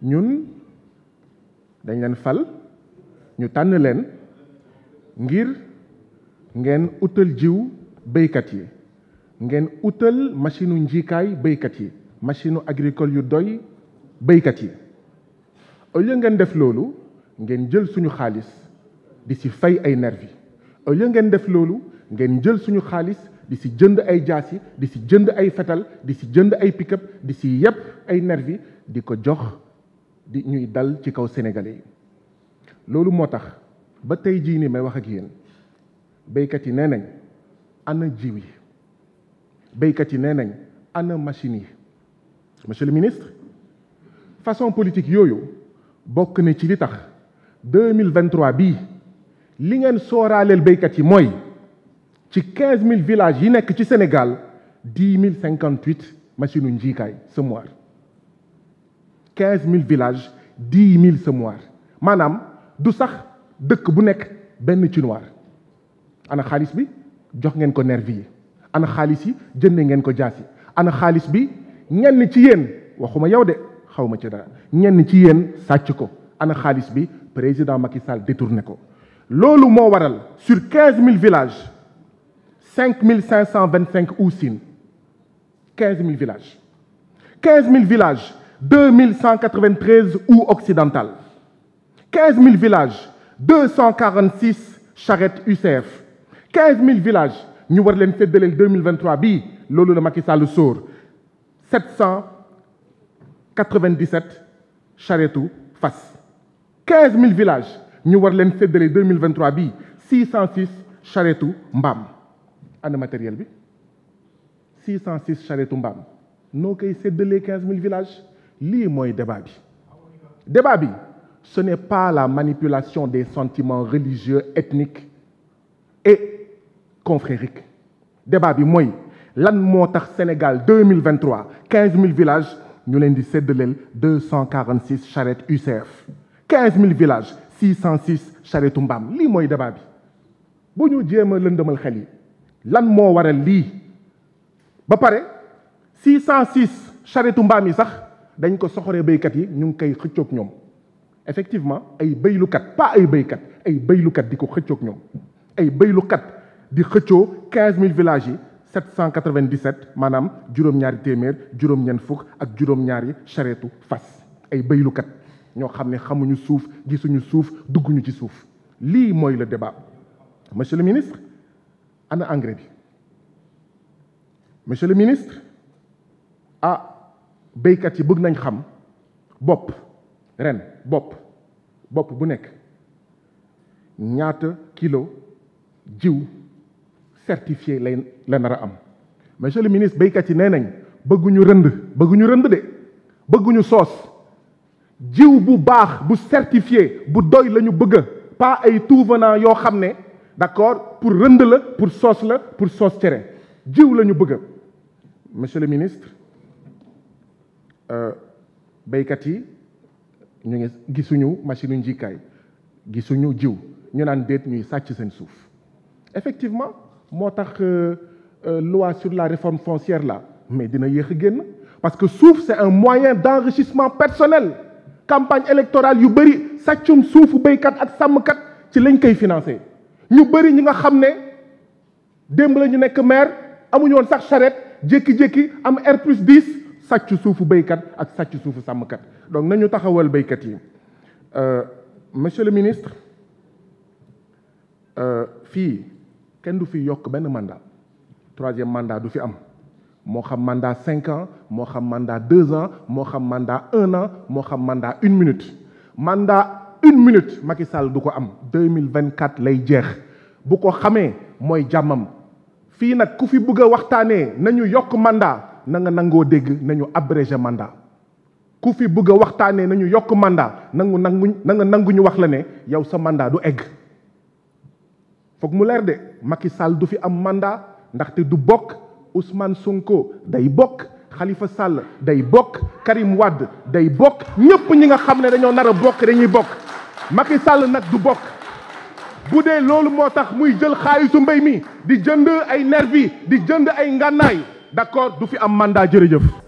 ñun dañ leen fal ñu tànn leen ngir ngeen utal jiw béykat yi ngeen utal machine njiikaay béykat yi machine agricole yu doy béykat yi au lieu ngeen def loolu ngeen jël suñu xaalis di ci fay ay nervi au lieu ngeen def loolu ngeen jël suñu xaalis di si jënd ay jaas yi di si jënd ay fetal di si jënd ay pick di si yépp ay nervi di ko jox di ñuy dal ci kaw sénégalais yi loolu moo tax ba tey jii ni may wax ak yéen béykat yi nee nañ ana jiw yi béykat yi nee nañ ana machine yi monsieur le ministre façon politique yooyu bokk na ci li tax 2023 bii li ngeen sooraaleel béykat yi mooy ci mille villages yi nekk ci Sénégal 10 058 machine u njiikaay semoir 15000 villages 10 000 semoir maanaam du sax dëkk bu nekk benn chinois ana xaalis bi jox ngeen ko nervi yi ana xaalis yi jënde ngeen ko jaas yi ana xaalis bi ñenn ci yéen waxuma yow de xaw ma ci dara ñenn ci sàcc ko ana xaalis bi président Macky Sall détourné ko loolu moo waral sur 15000 villages. cinq mille cinq cent vingt cinq Oussine quinze mille villages quinze mille villages deux mille cent quatre vingt treize ou occidentales mille villages deux cent quarante six charrette UCF quinze mille villages ñu war leen séddaleel deux mille vingt trois loolu la Macky Sall sóor sept cent quatre vingt dix sept charrettu Fass mille villages ñu war leen séddale deux mille vingt trois bii cent six charrettu Mbam. ana matériel bi 606 charrette mbaam noo koy séddalee 15000 villages lii mooy débat bi. débat bi ce n'est pas la manipulation des sentiments religieux ethniques et confrériques débat bi mooy lan moo tax Sénégal 2023 15000 villages ñu leen di séddaleel 246 charrettes UCF 15000 villages 606 charrettes mbaam lii mooy débat bi bu ñu jéem a lëndëmal xel yi. lan moo waral lii ba pare 606 charrettu mbaam yi sax dañ ko soxore béykat yi ñu ngi koy xëccoog ñoom effectivement ay béylukat pas ay béykat ay béylukat di ko xëccoog ñoom ay béylukat di xëccoo mille villages yi 797 maanaam juróom-ñaari téeméer juróom fukk ak juróom-ñaari charrettu fas ay béylukat ñoo xam ne xamuñu suuf gisuñu suuf dugguñu ci suuf lii mooy le débat monsieur le ministre. ana engrais bi monsieur le ministre ah béykat yi bëgg nañ xam bopp ren bopp bopp bu nekk ñaata kilo jiw certifié lay la nar a am monsieur le ministre béykat yi nee nañ bëgguñu rënd bëgguñu rënd de bëgguñu soos jiw bu baax bu certifié bu doy lañu bëgg pas ay tout venant yoo xam ne d'accord pour rënd la pour soos la pour soos cere jiw la ñu bëgg monsieur le ministre euh, béykat yi ñu ngi gisuñu machine yu njikaay gisuñu jiw ñu naan déet ñuy sàcc seen suuf effectivement moo tax euh, euh, loi sur la réforme foncière la mais dina yéex a génn parce que suuf c'est un moyen d'enrichissement personnel campagne électorale yu bëri sàccum suufu béykat ak sàmmkat ci lañ koy financer ñu bëri ñi nga xam ne démb la ñu nekk maire amuñu woon sax charrette jékki-jékki am R plus 10 sàcc suufu baykat ak sàcc suufu sàmmkat donc nañu taxawal béykat yi euh, monsieur le ministre euh, fii kenn du fi yokk benn mandat troisième mandat du fi am moo xam mandat cinq moo xam mandat deux ans moo xam mandat moo xam mandat une minute mandat une minute Macky Sall du ko am deux mille vingt quatre lay jeex bu ko xamee mooy jàmmam fii nag ku fi bëgg waxtaanee nañu yokk mandat nanga nangoo dégg nañu abrégé mandat ku fi bëgg a waxtaanee nañu yokk mandat nangu nangu na nga nanguñu wax la ne yow sa mandat du egg foog mu leer de Macky Sall du fi am mandat ndaxte du bokk Ousmane Sonko day bokk Khalifa Sall day bokk Karim Wade day bokk ñëpp ñi nga xam ne dañoo nar a bokk dañuy bokk Macky sàll nag du bokk bu dee loolu moo tax muy jël xaalisu mbéy mi di jënd ay nervi di jënd ay ngànnaay d'accord du fi am mandaa jërëjëf